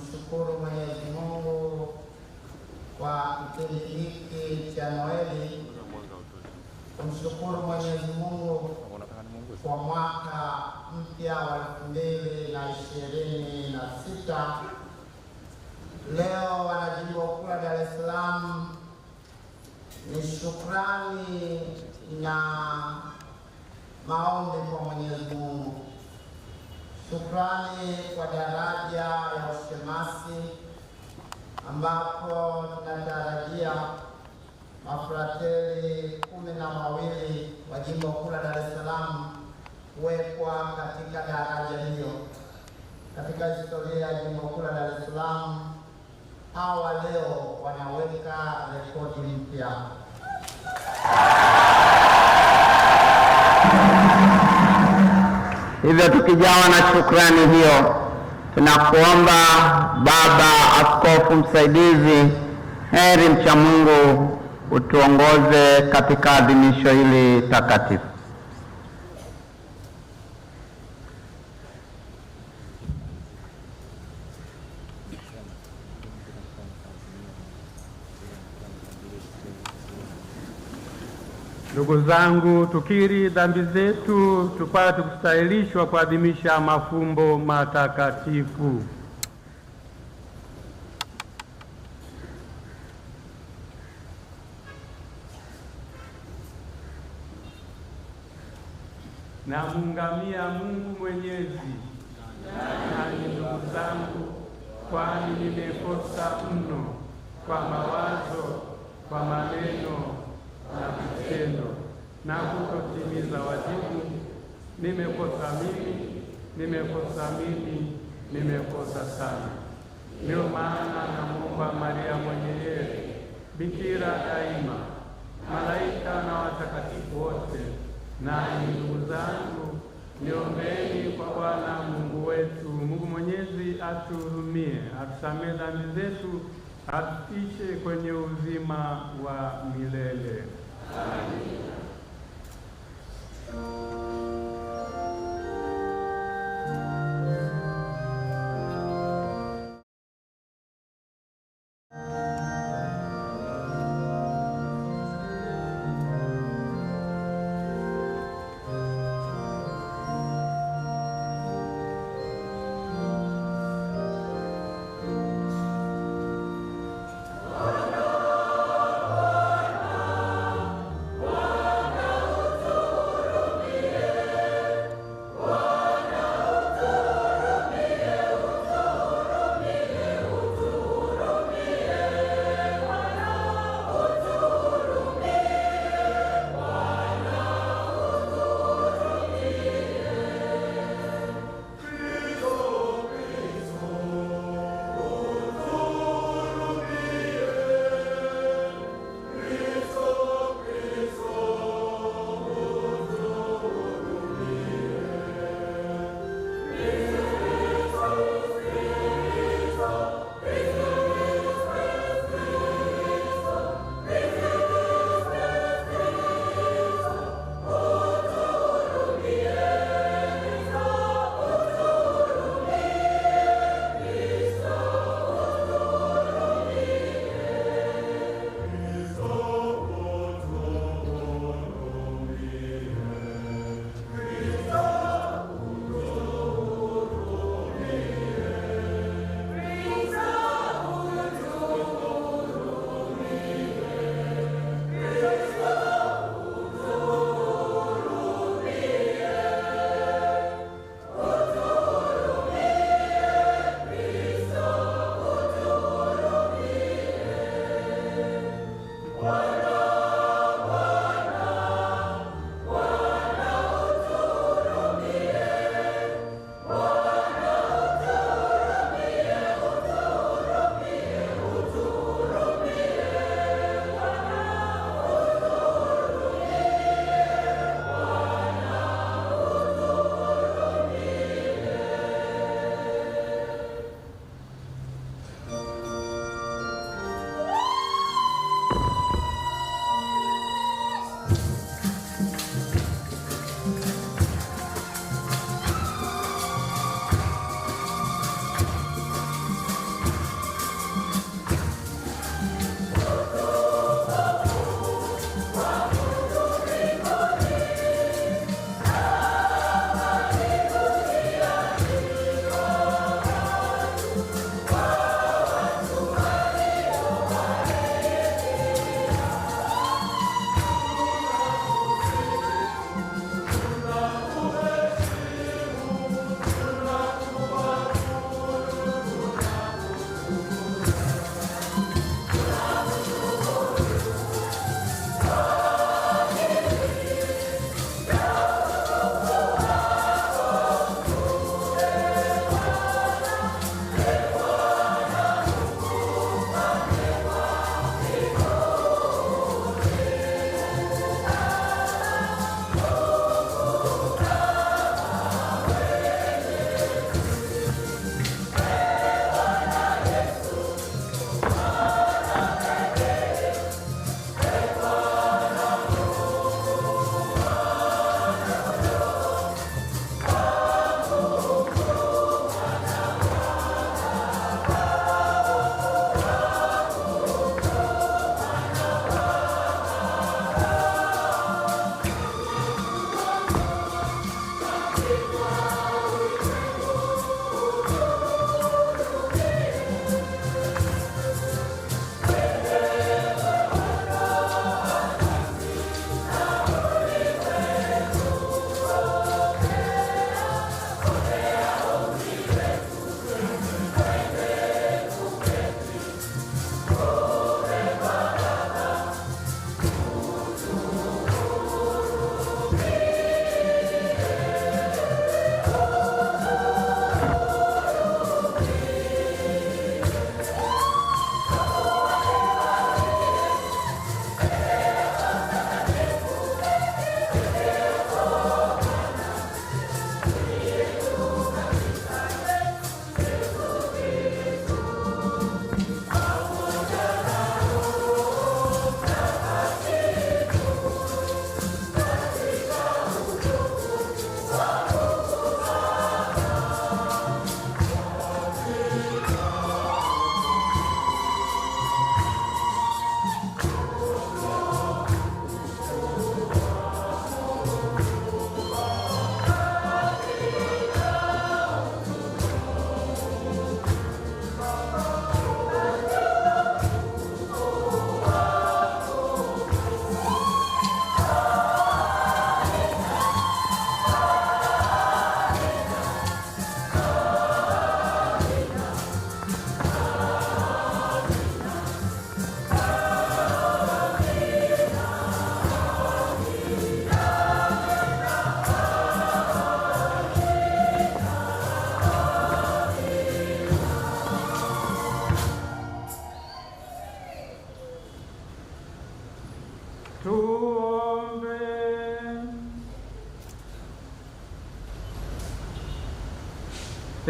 kumshukuru Mwenyezi Mungu kwa kipindi hiki cha Noeli, kumshukuru Mwenyezi Mungu kwa mwaka mpya wa elfu mbili na ishirini na sita. Leo wanajibu wa kula Dar es Salaam ni shukrani na maombi kwa Mwenyezi Mungu shukrani kwa daraja ya ushemasi ambapo tunatarajia mafrateli kumi na mawili wa jimbo kuu la Dar es Salaam kuwekwa katika daraja hiyo. Katika historia ya jimbo kuu la Dar es Salaam, hawa leo wanaweka rekodi mpya. Hivyo tukijawa na shukrani hiyo, tunakuomba Baba Askofu Msaidizi Heri mcha Mungu, utuongoze katika adhimisho hili takatifu. Ndugu zangu, tukiri dhambi zetu tupate kustahilishwa kuadhimisha mafumbo matakatifu. namungamia Mungu Mwenyezi nani, ndugu zangu, kwani nimekosa mno kwa mawazo, kwa maneno na kitendo. na kutotimiza wajibu. Nimekosa mimi, nimekosa mimi, nimekosa sana. Ndiyo maana namwomba Maria mwenyewe, bikira daima, malaika na watakatifu wote, nanyi ndugu zangu, niombeni kwa Bwana Mungu wetu. Mungu Mwenyezi atuhurumie, atusamehe dhambi zetu, atupishe kwenye uzima wa milele. Аминь.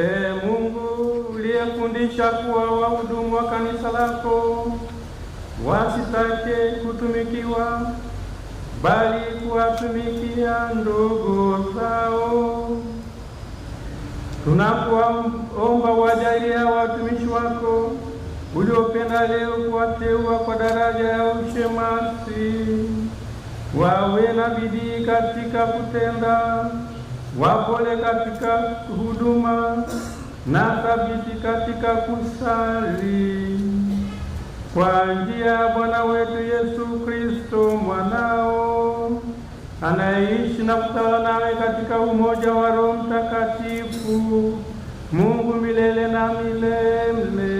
Ee Mungu uliyefundisha kuwa wahudumu wa kanisa lako wasitake kutumikiwa bali kuwatumikia ndugu zao, tunakuomba wajalia watumishi wako uliopenda leo kuwateua kwa daraja ya ushemasi, wawe na bidii katika kutenda wapole katika huduma na thabiti katika kusali, kwa njia ya Bwana wetu Yesu Kristo mwanao anayeishi na kutawala nawe katika umoja wa Roho Mtakatifu, Mungu milele na milele.